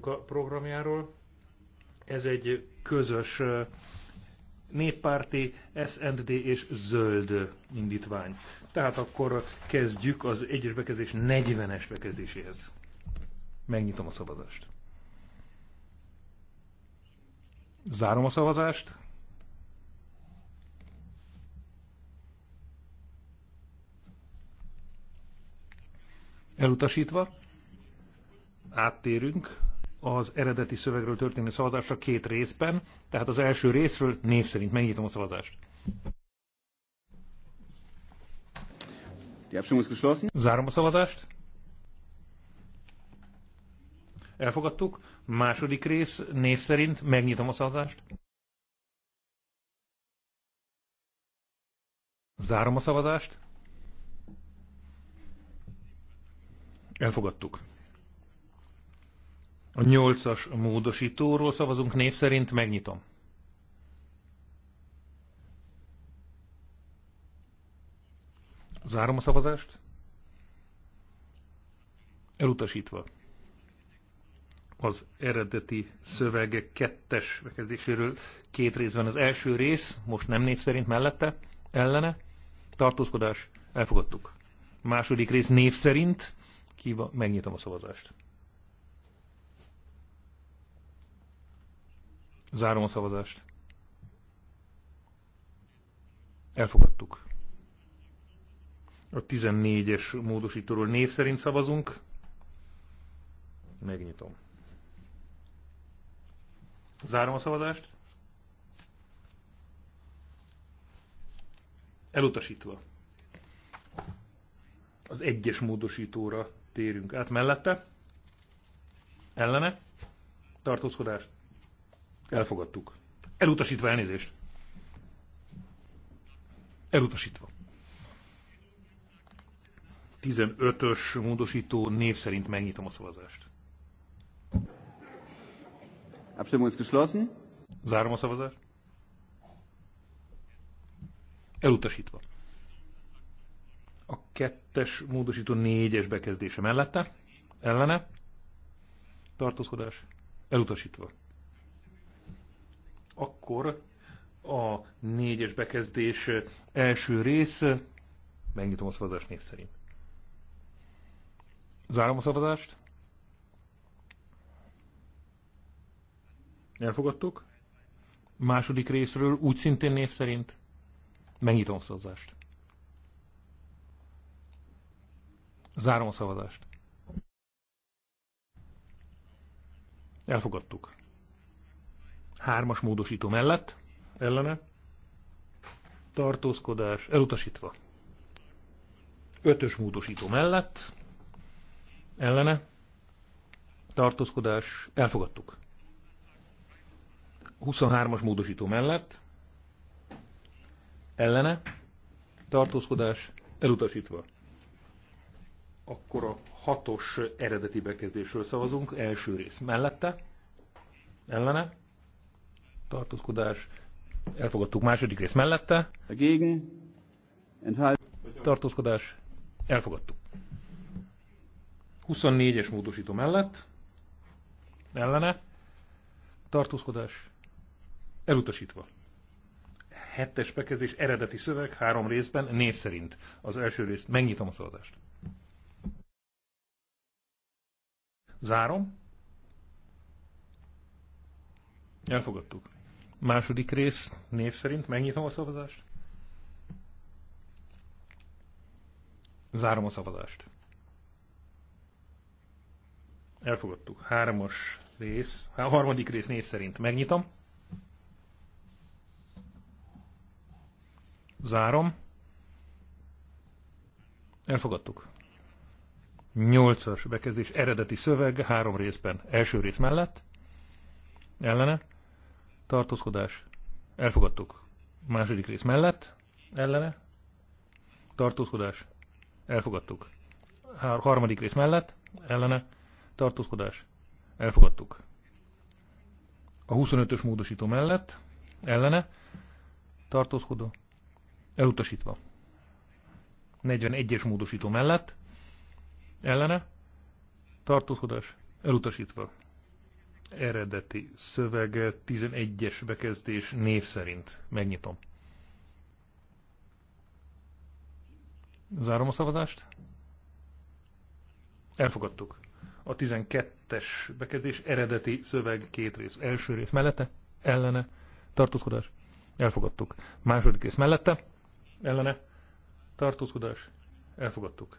Programjáról. Ez egy közös néppárti, SND és zöld indítvány. Tehát akkor kezdjük az egyes bekezdés 40-es bekezdéséhez. Megnyitom a szavazást. Zárom a szavazást. Elutasítva. Áttérünk az eredeti szövegről történő szavazásra két részben, tehát az első részről név szerint megnyitom a szavazást. Zárom a szavazást. Elfogadtuk. Második rész név szerint megnyitom a szavazást. Zárom a szavazást. Elfogadtuk. A nyolcas módosítóról szavazunk név szerint, megnyitom. Zárom a szavazást. Elutasítva. Az eredeti szöveg kettes bekezdéséről két részben az első rész, most nem név szerint mellette, ellene, tartózkodás, elfogadtuk. Második rész név szerint, kiva, megnyitom a szavazást. Zárom a szavazást. Elfogadtuk. A 14-es módosítóról név szerint szavazunk. Megnyitom. Zárom a szavazást. Elutasítva. Az egyes módosítóra térünk át mellette. Ellene. Tartózkodást. Elfogadtuk. Elutasítva elnézést. Elutasítva. 15-ös módosító név szerint megnyitom a szavazást. Abstimmung ist geschlossen. Zárom a szavazást. Elutasítva. A kettes módosító négyes bekezdése mellette, ellene, tartózkodás, elutasítva. Akkor a négyes bekezdés első rész, megnyitom a szavazást név szerint. Zárom a szavazást. Elfogadtuk. Második részről úgy szintén név szerint. Megnyitom a szavazást. Zárom a szavazást. Elfogadtuk. Hármas módosító mellett, ellene, tartózkodás elutasítva. Ötös módosító mellett, ellene, tartózkodás elfogadtuk. 23-as módosító mellett, ellene, tartózkodás elutasítva. Akkor a hatos eredeti bekezdésről szavazunk, első rész mellette, ellene, tartózkodás, elfogadtuk második rész mellette, dagegen, tartózkodás, elfogadtuk. 24-es módosító mellett, ellene, tartózkodás, elutasítva. Hettes bekezdés eredeti szöveg három részben, név szerint. Az első részt megnyitom a szavazást. Zárom. Elfogadtuk. Második rész név szerint megnyitom a szavazást. Zárom a szavazást. Elfogadtuk. Háromos rész. A harmadik rész név szerint megnyitom. Zárom. Elfogadtuk. Nyolcas bekezdés eredeti szöveg három részben. Első rész mellett. Ellene tartózkodás, elfogadtuk. Második rész mellett, ellene, tartózkodás, elfogadtuk. Hár, harmadik rész mellett, ellene, tartózkodás, elfogadtuk. A 25-ös módosító mellett, ellene, tartózkodó, elutasítva. 41-es módosító mellett, ellene, tartózkodás, elutasítva eredeti szöveg 11-es bekezdés név szerint. Megnyitom. Zárom a szavazást. Elfogadtuk. A 12-es bekezdés eredeti szöveg két rész. Első rész mellette, ellene, tartózkodás. Elfogadtuk. Második rész mellette, ellene, tartózkodás. Elfogadtuk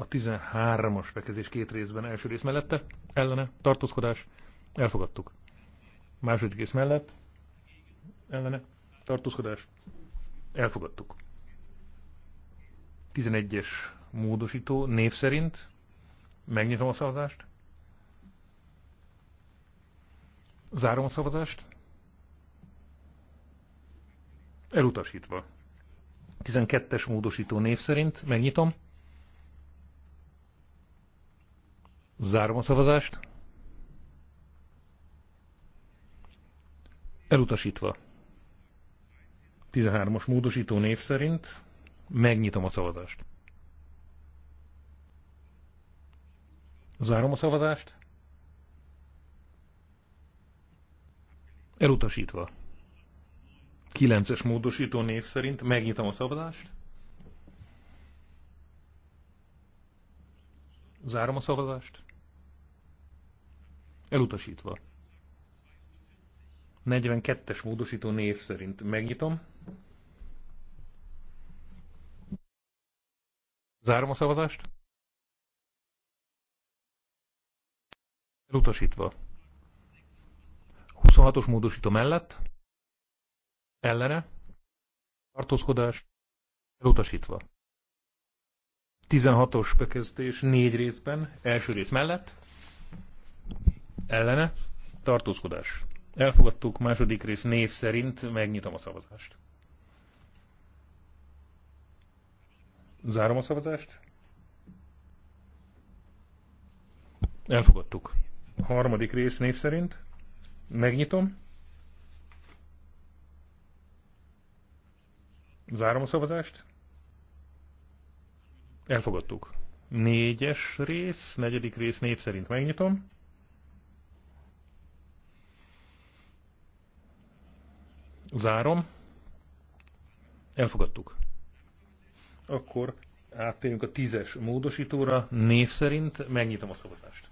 a 13-as bekezés két részben első rész mellette, ellene, tartózkodás, elfogadtuk. Második rész mellett, ellene, tartózkodás, elfogadtuk. 11-es módosító név szerint, megnyitom a szavazást, zárom a szavazást, elutasítva. 12-es módosító név szerint, megnyitom, Zárom a szavazást. Elutasítva. 13-as módosító név szerint megnyitom a szavazást. Zárom a szavazást. Elutasítva. 9-es módosító név szerint megnyitom a szavazást. Zárom a szavazást. Elutasítva. 42-es módosító név szerint megnyitom. Zárom a szavazást. Elutasítva. 26-os módosító mellett. Ellene. Tartózkodás. Elutasítva. 16-os bekezdés négy részben, első rész mellett ellene, tartózkodás. Elfogadtuk második rész név szerint, megnyitom a szavazást. Zárom a szavazást. Elfogadtuk. Harmadik rész név szerint. Megnyitom. Zárom a szavazást. Elfogadtuk. Négyes rész, negyedik rész név szerint megnyitom. Zárom. Elfogadtuk. Akkor áttérünk a tízes módosítóra. Név szerint megnyitom a szavazást.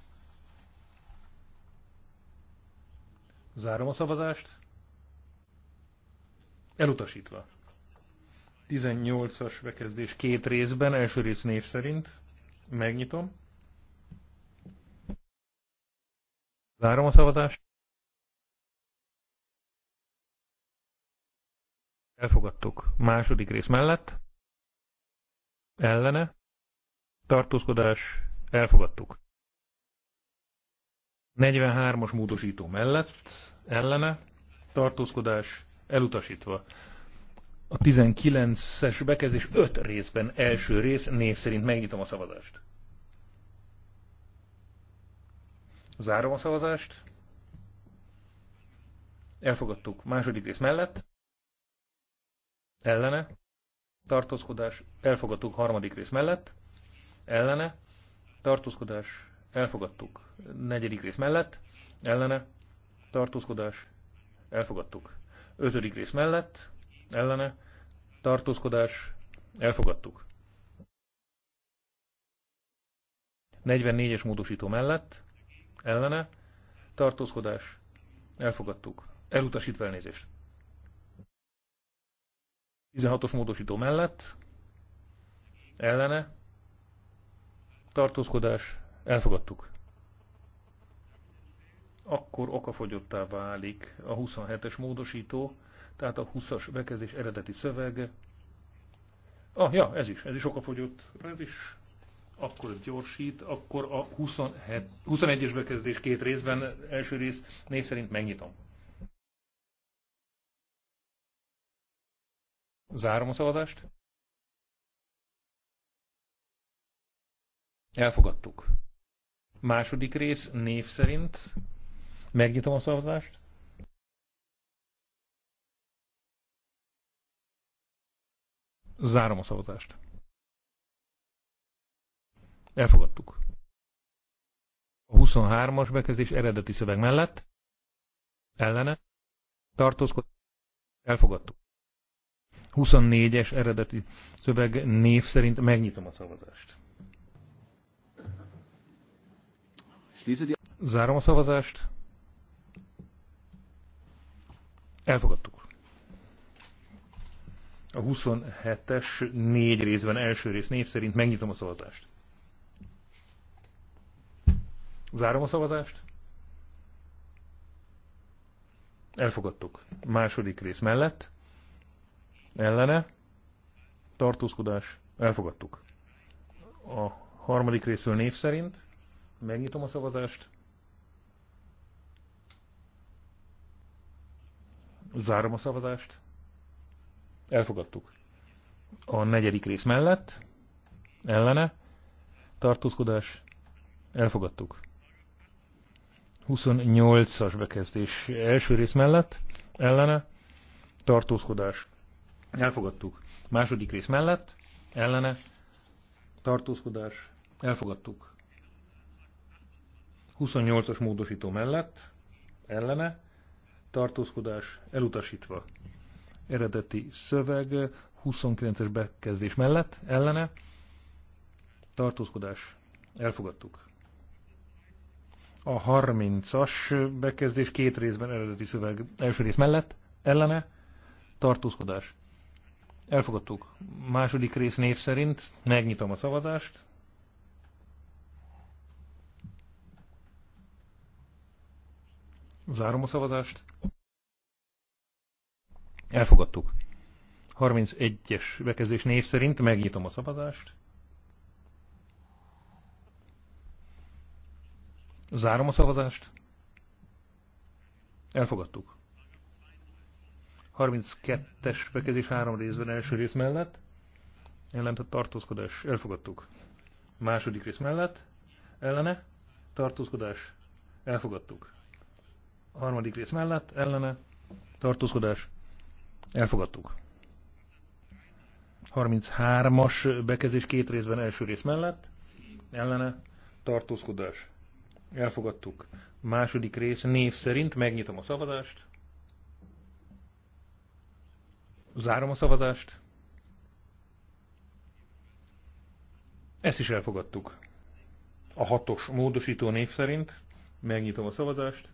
Zárom a szavazást. Elutasítva. 18-as bekezdés két részben, első rész név szerint. Megnyitom. Zárom a szavazást. Elfogadtuk. Második rész mellett. Ellene. Tartózkodás. Elfogadtuk. 43-as módosító mellett. Ellene. Tartózkodás. Elutasítva. A 19-es bekezdés 5 részben első rész név szerint megnyitom a szavazást. Zárom a szavazást. Elfogadtuk második rész mellett ellene, tartózkodás, elfogadtuk harmadik rész mellett, ellene, tartózkodás, elfogadtuk negyedik rész mellett, ellene, tartózkodás, elfogadtuk ötödik rész mellett, ellene, tartózkodás, elfogadtuk. 44-es módosító mellett, ellene, tartózkodás, elfogadtuk. Elutasítva elnézést. 16-os módosító mellett, ellene, tartózkodás, elfogadtuk. Akkor okafogyottá válik a 27-es módosító, tehát a 20-as bekezdés eredeti szövege. Ah, ja, ez is, ez is okafogyott, ez is akkor ez gyorsít, akkor a 27, 21-es bekezdés két részben, első rész név szerint megnyitom. Zárom a szavazást. Elfogadtuk. Második rész név szerint. Megnyitom a szavazást. Zárom a szavazást. Elfogadtuk. A 23-as bekezdés eredeti szöveg mellett. Ellene. Tartózkodik. Elfogadtuk. 24-es eredeti szöveg név szerint megnyitom a szavazást. Zárom a szavazást. Elfogadtuk. A 27-es négy részben első rész név szerint megnyitom a szavazást. Zárom a szavazást. Elfogadtuk. Második rész mellett ellene, tartózkodás, elfogadtuk. A harmadik részről név szerint megnyitom a szavazást, zárom a szavazást, elfogadtuk. A negyedik rész mellett, ellene, tartózkodás, elfogadtuk. 28-as bekezdés első rész mellett, ellene, tartózkodás, Elfogadtuk. Második rész mellett, ellene, tartózkodás, elfogadtuk. 28-as módosító mellett, ellene, tartózkodás, elutasítva. Eredeti szöveg, 29-es bekezdés mellett, ellene, tartózkodás, elfogadtuk. A 30-as bekezdés két részben eredeti szöveg első rész mellett, ellene, tartózkodás, Elfogadtuk. Második rész név szerint megnyitom a szavazást. Zárom a szavazást. Elfogadtuk. 31-es bekezdés név szerint megnyitom a szavazást. Zárom a szavazást. Elfogadtuk. 32-es bekezés három részben első rész mellett, ellentett tartózkodás, elfogadtuk. Második rész mellett, ellene, tartózkodás, elfogadtuk. A harmadik rész mellett, ellene, tartózkodás, elfogadtuk. 33-as bekezés két részben első rész mellett, ellene, tartózkodás, elfogadtuk. Második rész név szerint megnyitom a szavazást. Zárom a szavazást. Ezt is elfogadtuk. A hatos módosító név szerint megnyitom a szavazást.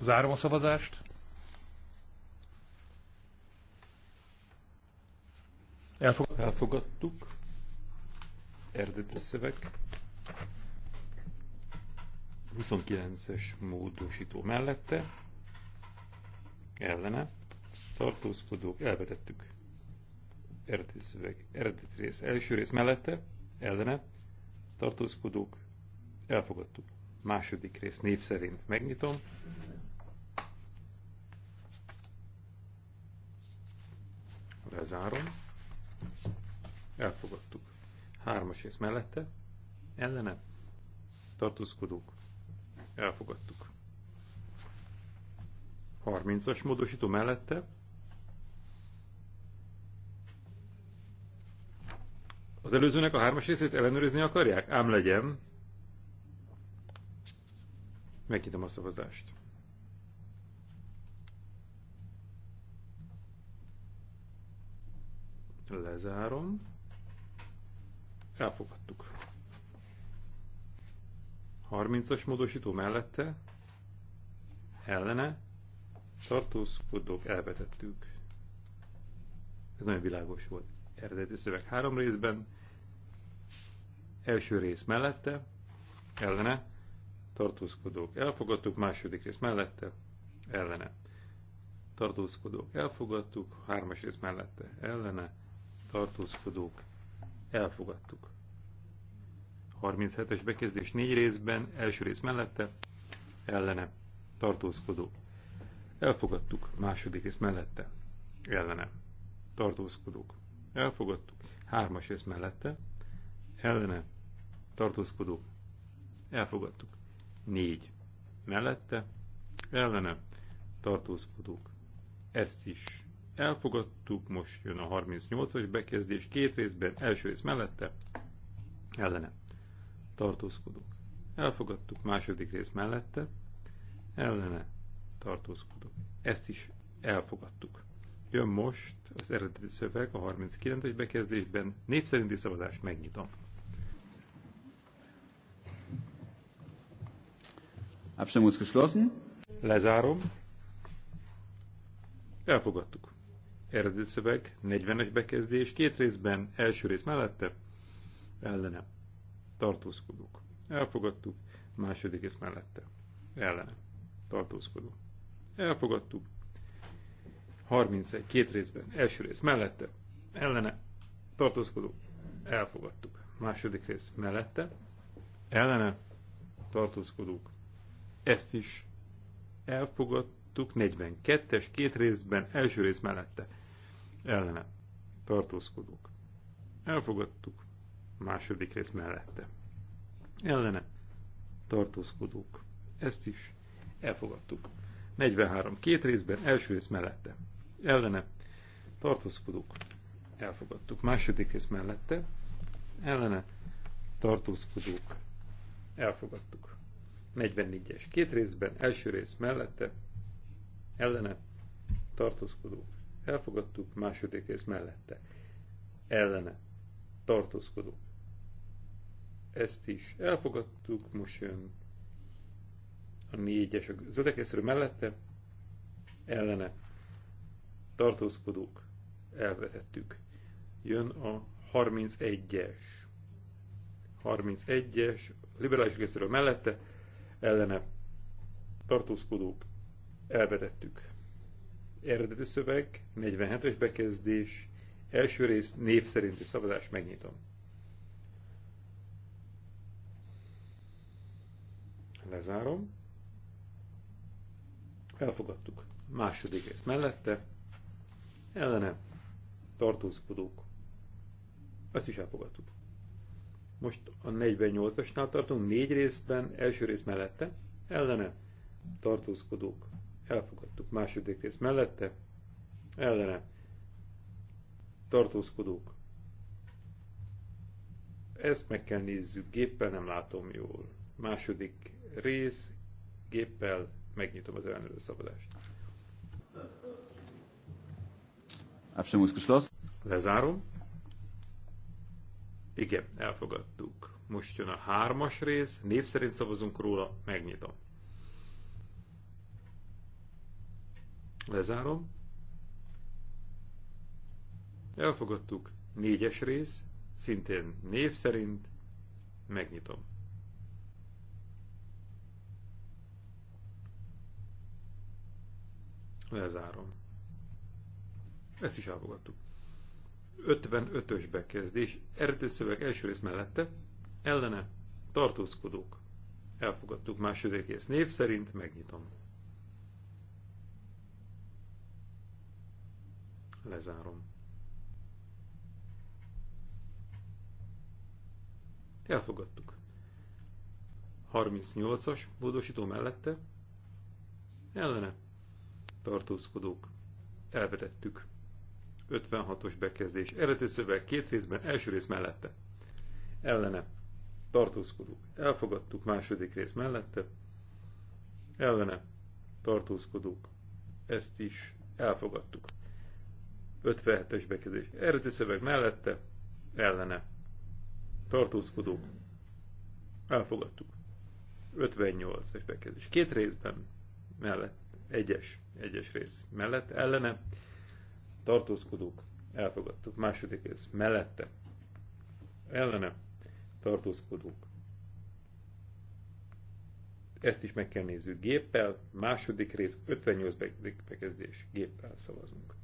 Zárom a szavazást. Elfog Elfogadtuk. Erdeti szöveg. 29-es módosító mellette ellene tartózkodók elvetettük. Eredeti szöveg, eredeti rész, első rész mellette, ellene tartózkodók elfogadtuk. Második rész név szerint megnyitom. Lezárom. Elfogadtuk. Hármas rész mellette, ellene tartózkodók elfogadtuk 30-as módosító mellette Az előzőnek a hármas részét ellenőrizni akarják? Ám legyen. Megnyitom a szavazást. Lezárom. Elfogadtuk. 30-as módosító mellette. Ellene tartózkodók, elvetettük. Ez nagyon világos volt. Eredeti szöveg három részben. Első rész mellette, ellene, tartózkodók, elfogadtuk. Második rész mellette, ellene, tartózkodók, elfogadtuk. Hármas rész mellette, ellene, tartózkodók, elfogadtuk. 37-es bekezdés négy részben, első rész mellette, ellene, tartózkodók, Elfogadtuk. Második rész mellette. Ellene. Tartózkodók. Elfogadtuk. Hármas rész mellette. Ellene. Tartózkodók. Elfogadtuk. Négy. Mellette. Ellene. Tartózkodók. Ezt is elfogadtuk. Most jön a 38-as bekezdés. Két részben. Első rész mellette. Ellene. Tartózkodók. Elfogadtuk. Második rész mellette. Ellene tartózkodok. Ezt is elfogadtuk. Jön most az eredeti szöveg a 39-es bekezdésben. Név szerinti szavazást megnyitom. Abstimmung geschlossen. Lezárom. Elfogadtuk. Eredeti szöveg, 40-es bekezdés, két részben, első rész mellette, ellene. Tartózkodunk. Elfogadtuk. Második rész mellette. Ellene. Tartózkodunk. Elfogadtuk. 31. Két részben. Első rész mellette. Ellene. Tartózkodó. Elfogadtuk. Második rész mellette. Ellene. Tartózkodók. Ezt is elfogadtuk. 42-es. Két részben. Első rész mellette. Ellene. Tartózkodók. Elfogadtuk. Második rész mellette. Ellene. Tartózkodók. Ezt is elfogadtuk. 43. Két részben, első rész mellette. Ellene. Tartózkodók. Elfogadtuk. Második rész mellette. Ellene. Tartózkodók. Elfogadtuk. 44-es. Két részben, első rész mellette. Ellene. Tartózkodók. Elfogadtuk. Második rész mellette. Ellene. Tartózkodók. Ezt is elfogadtuk. Most jön a négyes a zöldek részéről mellette, ellene tartózkodók, elvetettük. Jön a 31-es. 31-es, liberális részéről mellette, ellene tartózkodók, elvetettük. Eredeti szöveg, 47-es bekezdés, első rész, név szerinti szavazás, megnyitom. Lezárom. Elfogadtuk. Második rész mellette. Ellene. Tartózkodók. Ezt is elfogadtuk. Most a 48-asnál tartunk, négy részben, első rész mellette, ellene, tartózkodók, elfogadtuk. Második rész mellette, ellene, tartózkodók. Ezt meg kell nézzük, géppel nem látom jól. Második rész, géppel Megnyitom az ellenőrző szabadást. Lezárom. Igen, elfogadtuk. Most jön a hármas rész, név szerint szavazunk róla, megnyitom. Lezárom. Elfogadtuk. Négyes rész, szintén név szerint megnyitom. Lezárom. Ezt is elfogadtuk. 55-ös bekezdés, eredeti szöveg első rész mellette, ellene tartózkodók. Elfogadtuk második rész név szerint, megnyitom. Lezárom. Elfogadtuk. 38-as módosító mellette, ellene tartózkodók, elvetettük. 56-os bekezdés. Eredeti szöveg két részben, első rész mellette. Ellene. Tartózkodók. Elfogadtuk második rész mellette. Ellene. Tartózkodók. Ezt is elfogadtuk. 57-es bekezdés. Eredeti szöveg mellette. Ellene. Tartózkodók. Elfogadtuk. 58-es bekezdés. Két részben mellett egyes, egyes rész mellett, ellene, tartózkodók, elfogadtuk. Második rész mellette, ellene, tartózkodók. Ezt is meg kell nézzük géppel, második rész 58 bekezdés, géppel szavazunk.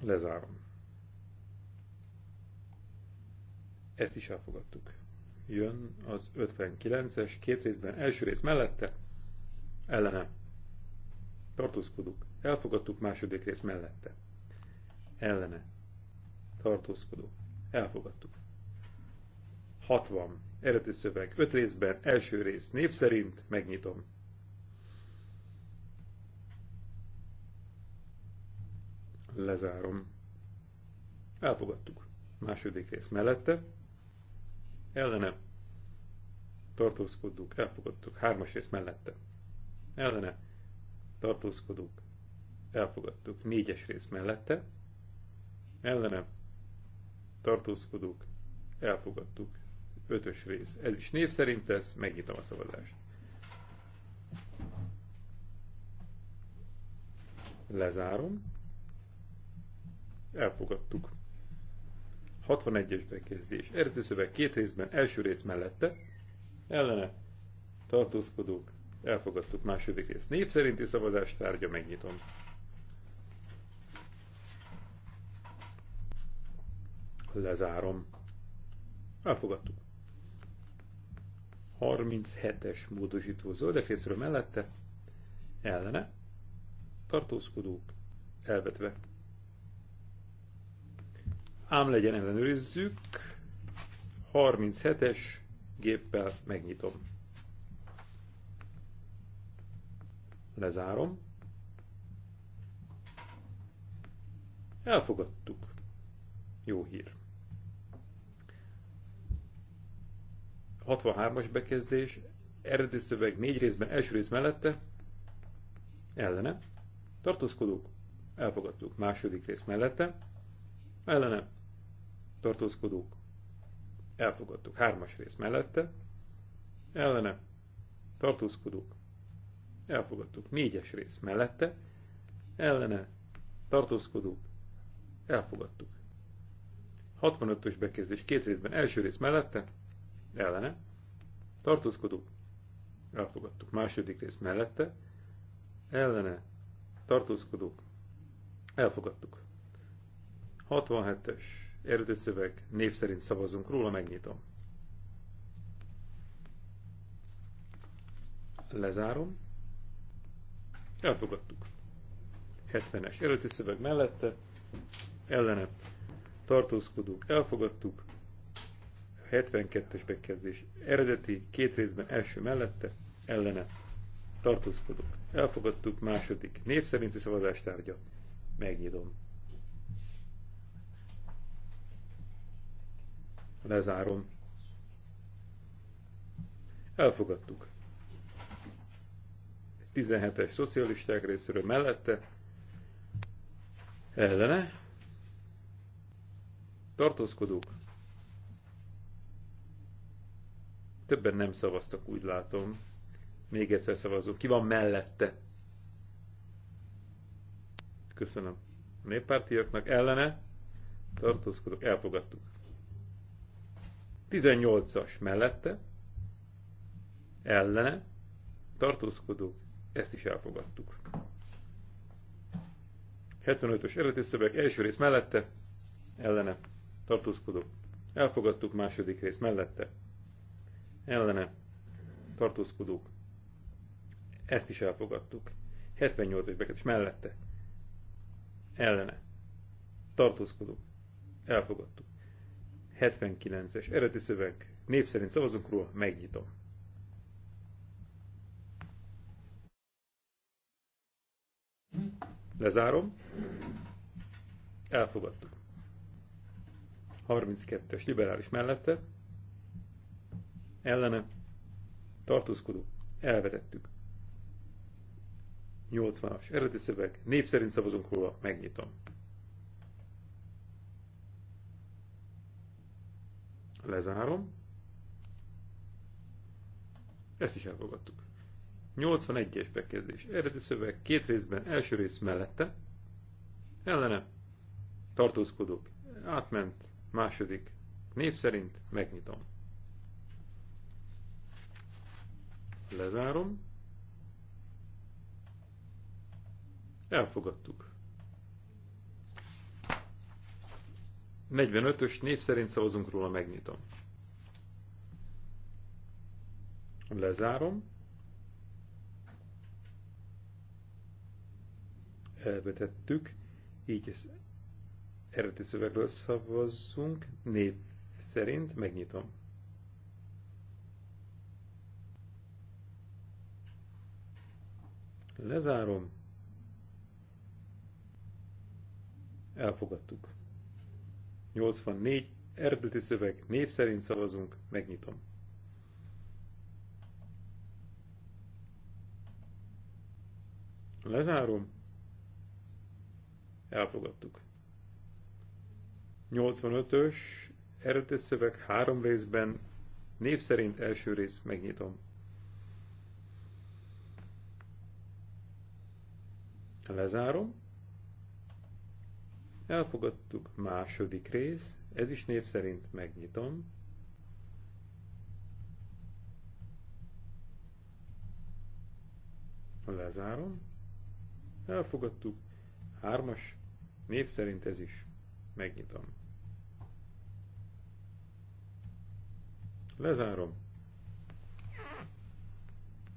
Lezárom. Ezt is elfogadtuk jön az 59-es, két részben, első rész mellette, ellene. Tartózkodunk. Elfogadtuk második rész mellette. Ellene. Tartózkodó. Elfogadtuk. 60. Eredeti szöveg. 5 részben, első rész név szerint, megnyitom. Lezárom. Elfogadtuk. Második rész mellette ellene tartózkodunk, elfogadtuk. Hármas rész mellette, ellene tartózkodunk, elfogadtuk. Négyes rész mellette, ellene tartózkodunk, elfogadtuk. Ötös rész. Ez is név szerint lesz, megnyitom a szavazást. Lezárom. Elfogadtuk. 61-es bekezdés. Eredeti szöveg két részben, első rész mellette, ellene tartózkodók, elfogadtuk második rész. Név szerinti szavazást tárgya, megnyitom. Lezárom. Elfogadtuk. 37-es módosító zöldefészről mellette, ellene tartózkodók, elvetve ám legyen ellenőrizzük. 37-es géppel megnyitom. Lezárom. Elfogadtuk. Jó hír. 63-as bekezdés, eredeti szöveg négy részben, első rész mellette, ellene, tartózkodók, elfogadtuk, második rész mellette, ellene, tartózkodók, elfogadtuk. Hármas rész mellette, ellene, tartózkodók, elfogadtuk. Négyes rész mellette, ellene, tartózkodók, elfogadtuk. 65-ös bekezdés két részben, első rész mellette, ellene, tartózkodók, elfogadtuk. Második rész mellette, ellene, tartózkodók, elfogadtuk. 67-es Eredeti szöveg, név szerint szavazunk róla, megnyitom. Lezárom. Elfogadtuk. 70-es eredeti szöveg mellette, ellene tartózkodók, elfogadtuk. 72-es bekezdés eredeti, két részben első mellette, ellene tartózkodók. Elfogadtuk második név szerinti szavazástárgya, Megnyitom. Lezárom. Elfogadtuk. 17-es szocialisták részéről mellette. Ellene. Tartózkodók. Többen nem szavaztak, úgy látom. Még egyszer szavazok. Ki van mellette? Köszönöm. A néppártiaknak ellene tartózkodók, elfogadtuk. 18-as mellette, ellene, tartózkodók, ezt is elfogadtuk. 75-ös eredeti szöveg első rész mellette, ellene, tartózkodók, elfogadtuk második rész mellette, ellene, tartózkodók, ezt is elfogadtuk. 78-as bekezdés mellette, ellene, tartózkodók, elfogadtuk. 79-es eredeti szöveg. Név szerint szavazunk róla, megnyitom. Lezárom. Elfogadtuk. 32-es liberális mellette. Ellene. Tartózkodó. Elvetettük. 80-as eredeti szöveg. Név szerint szavazunk róla, megnyitom. Lezárom. Ezt is elfogadtuk. 81-es bekezdés. Eredeti szöveg két részben, első rész mellette. Ellene. Tartózkodók. Átment. Második. Név szerint megnyitom. Lezárom. Elfogadtuk. 45-ös név szerint szavazunk róla, megnyitom. Lezárom. Elvetettük, így ez eredeti szövegről szavazzunk, név szerint megnyitom. Lezárom. Elfogadtuk. 84, eredeti szöveg, név szerint szavazunk, megnyitom. Lezárom. Elfogadtuk. 85-ös, eredeti szöveg három részben, név szerint első rész, megnyitom. Lezárom Elfogadtuk második rész, ez is név szerint megnyitom. Lezárom. Elfogadtuk. Hármas, név szerint ez is megnyitom. Lezárom.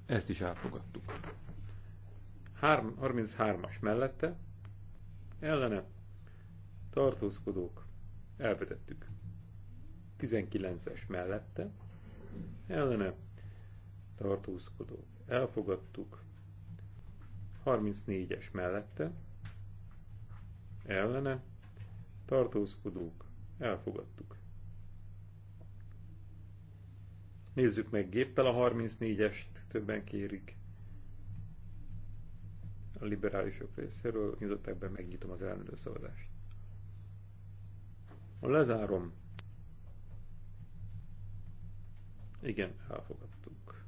Ezt is elfogadtuk. 33-as mellette, ellene tartózkodók, elvetettük. 19-es mellette, ellene, tartózkodók, elfogadtuk. 34-es mellette, ellene, tartózkodók, elfogadtuk. Nézzük meg géppel a 34-est, többen kérik. A liberálisok részéről nyitották be, megnyitom az ellenőrző szavazást. Lezárom. Igen, elfogadtuk.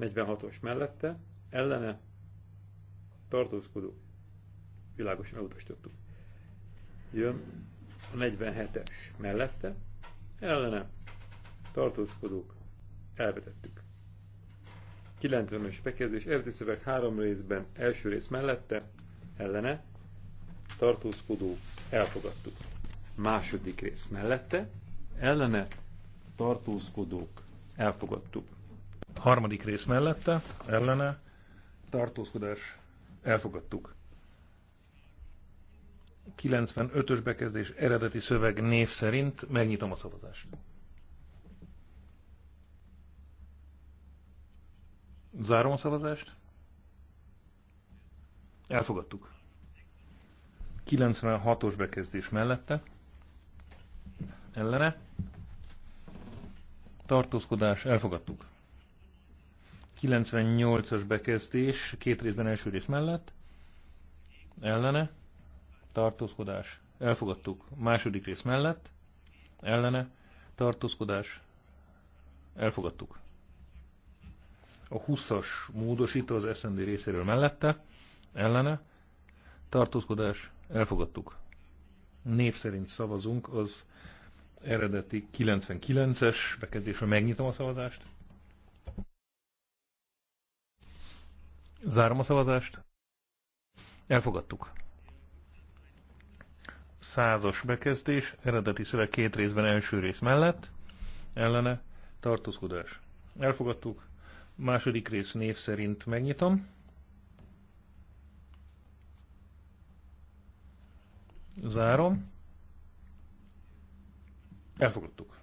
46-os mellette, ellene, tartózkodó, világosan elutasítottuk. Jön a 47-es mellette, ellene, tartózkodók, elvetettük. 90-ös bekezdés, eredeti szöveg három részben, első rész mellette, ellene, tartózkodók, elfogadtuk. Második rész mellette, ellene tartózkodók, elfogadtuk. Harmadik rész mellette, ellene tartózkodás, elfogadtuk. 95-ös bekezdés eredeti szöveg név szerint megnyitom a szavazást. Zárom a szavazást. Elfogadtuk. 96-os bekezdés mellette, ellene, tartózkodás, elfogadtuk. 98-as bekezdés, két részben első rész mellett, ellene, tartózkodás, elfogadtuk. Második rész mellett, ellene, tartózkodás, elfogadtuk. A 20-as módosító az SND részéről mellette, ellene, tartózkodás, Elfogadtuk. Név szerint szavazunk az eredeti 99-es bekezdésre. Megnyitom a szavazást. Zárom a szavazást. Elfogadtuk. Százas bekezdés, eredeti szöveg két részben első rész mellett, ellene tartózkodás. Elfogadtuk. Második rész név szerint megnyitom. Zárom. Elfogadtuk.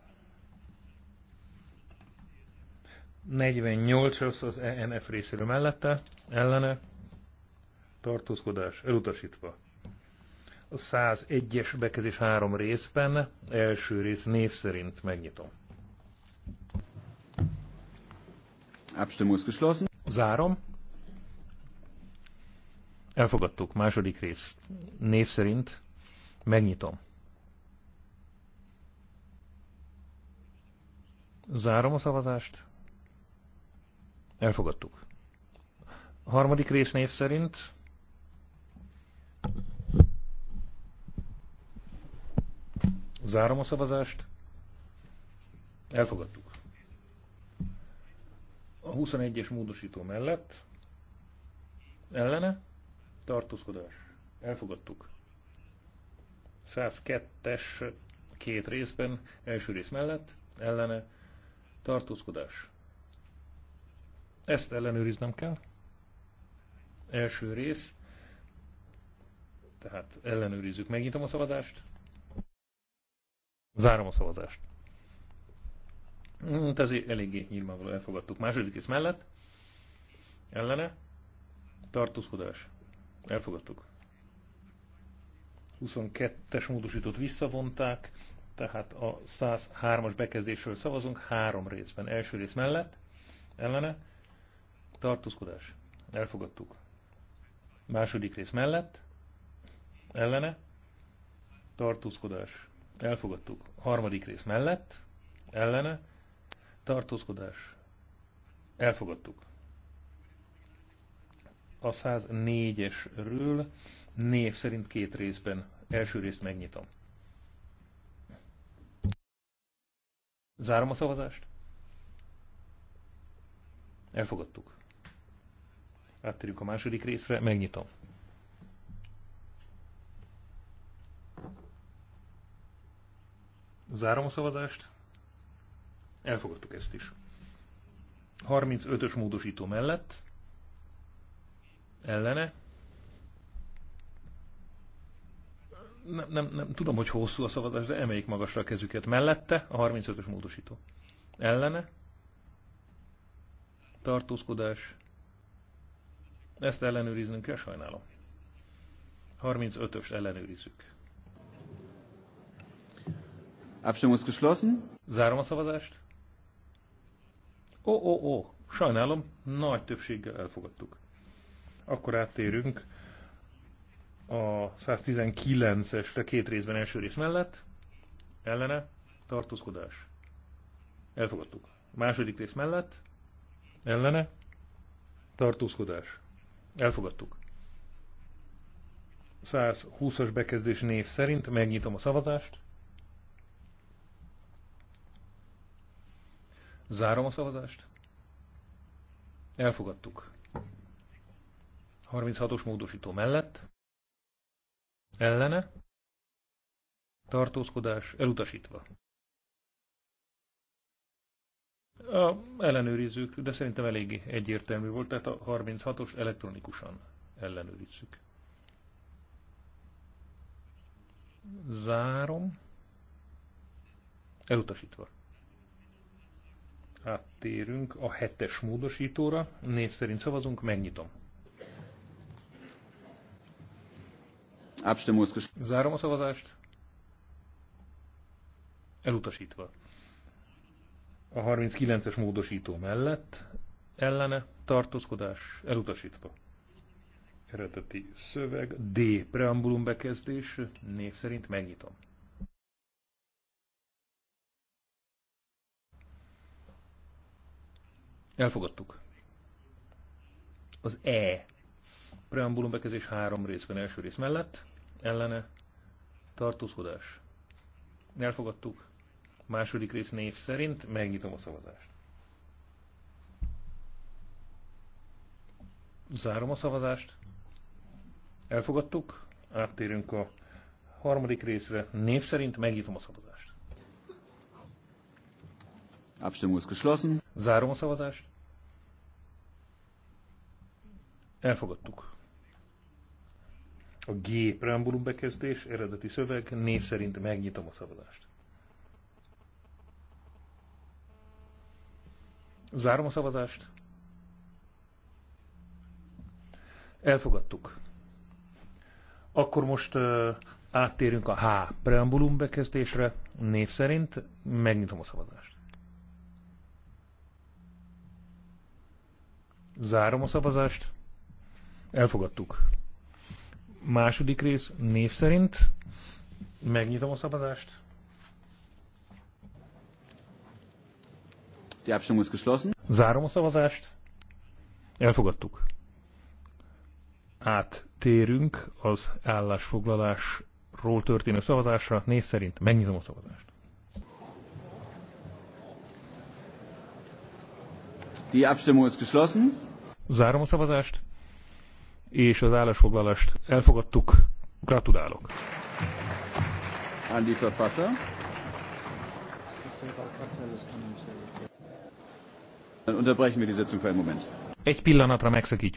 48 rossz az ENF részéről mellette, ellene, tartózkodás elutasítva. A 101-es bekezés három részben, első rész név szerint megnyitom. Zárom. Elfogadtuk, második rész név szerint Megnyitom. Zárom a szavazást. Elfogadtuk. A harmadik rész név szerint Zárom a szavazást. Elfogadtuk. A 21-es módosító mellett ellene tartózkodás. Elfogadtuk. 102-es két részben, első rész mellett, ellene, tartózkodás. Ezt ellenőriznem kell. Első rész, tehát ellenőrizzük. Megnyitom a szavazást. Zárom a szavazást. Hát ezért eléggé nyilvánvalóan elfogadtuk. Második rész mellett, ellene, tartózkodás. Elfogadtuk. 22-es módosítót visszavonták, tehát a 103-as bekezdésről szavazunk három részben. Első rész mellett, ellene, tartózkodás, elfogadtuk. Második rész mellett, ellene, tartózkodás, elfogadtuk. Harmadik rész mellett, ellene, tartózkodás, elfogadtuk a 104-esről név szerint két részben. Első részt megnyitom. Zárom a szavazást. Elfogadtuk. Áttérjük a második részre, megnyitom. Zárom a szavazást. Elfogadtuk ezt is. 35-ös módosító mellett ellene. Nem, nem, nem tudom, hogy hosszú a szavazás, de emeljék magasra a kezüket. Mellette a 35-ös módosító. Ellene. Tartózkodás. Ezt ellenőriznünk kell, sajnálom. 35-ös ellenőrizzük. Abstimmung geschlossen. Zárom a szavazást. Ó, ó, ó, sajnálom, nagy többséggel elfogadtuk. Akkor áttérünk a 119-esre két részben első rész mellett, ellene, tartózkodás. Elfogadtuk. Második rész mellett, ellene, tartózkodás. Elfogadtuk. 120-as bekezdés név szerint megnyitom a szavazást. Zárom a szavazást. Elfogadtuk. 36-os módosító mellett, ellene, tartózkodás elutasítva. A ellenőrizzük, de szerintem eléggé egyértelmű volt, tehát a 36-os elektronikusan ellenőrizzük. Zárom. Elutasítva. Áttérünk a hetes módosítóra. Név szerint szavazunk, megnyitom. Zárom a szavazást. Elutasítva. A 39-es módosító mellett ellene tartózkodás elutasítva. Eredeti szöveg D. Preambulum bekezdés név szerint megnyitom. Elfogadtuk. Az E. Preambulum bekezdés három részben első rész mellett ellene tartózkodás. Elfogadtuk. Második rész név szerint megnyitom a szavazást. Zárom a szavazást. Elfogadtuk. Áttérünk a harmadik részre. Név szerint megnyitom a szavazást. Abstimmung ist geschlossen. Zárom a szavazást. Elfogadtuk. A G preambulum bekezdés, eredeti szöveg, név szerint megnyitom a szavazást. Zárom a szavazást. Elfogadtuk. Akkor most uh, áttérünk a H preambulum bekezdésre, név szerint megnyitom a szavazást. Zárom a szavazást. Elfogadtuk. Második rész név szerint. Megnyitom a szavazást. Zárom a szavazást. Elfogadtuk. Áttérünk az állásfoglalásról történő szavazásra. Név szerint megnyitom a szavazást. Die Abstimmung ist geschlossen. Zárom a szavazást és az állásfoglalást elfogadtuk. Gratulálok! Andi Verfasser. unterbrechen wir die Sitzung für einen Moment. Egy pillanatra megszakítjuk.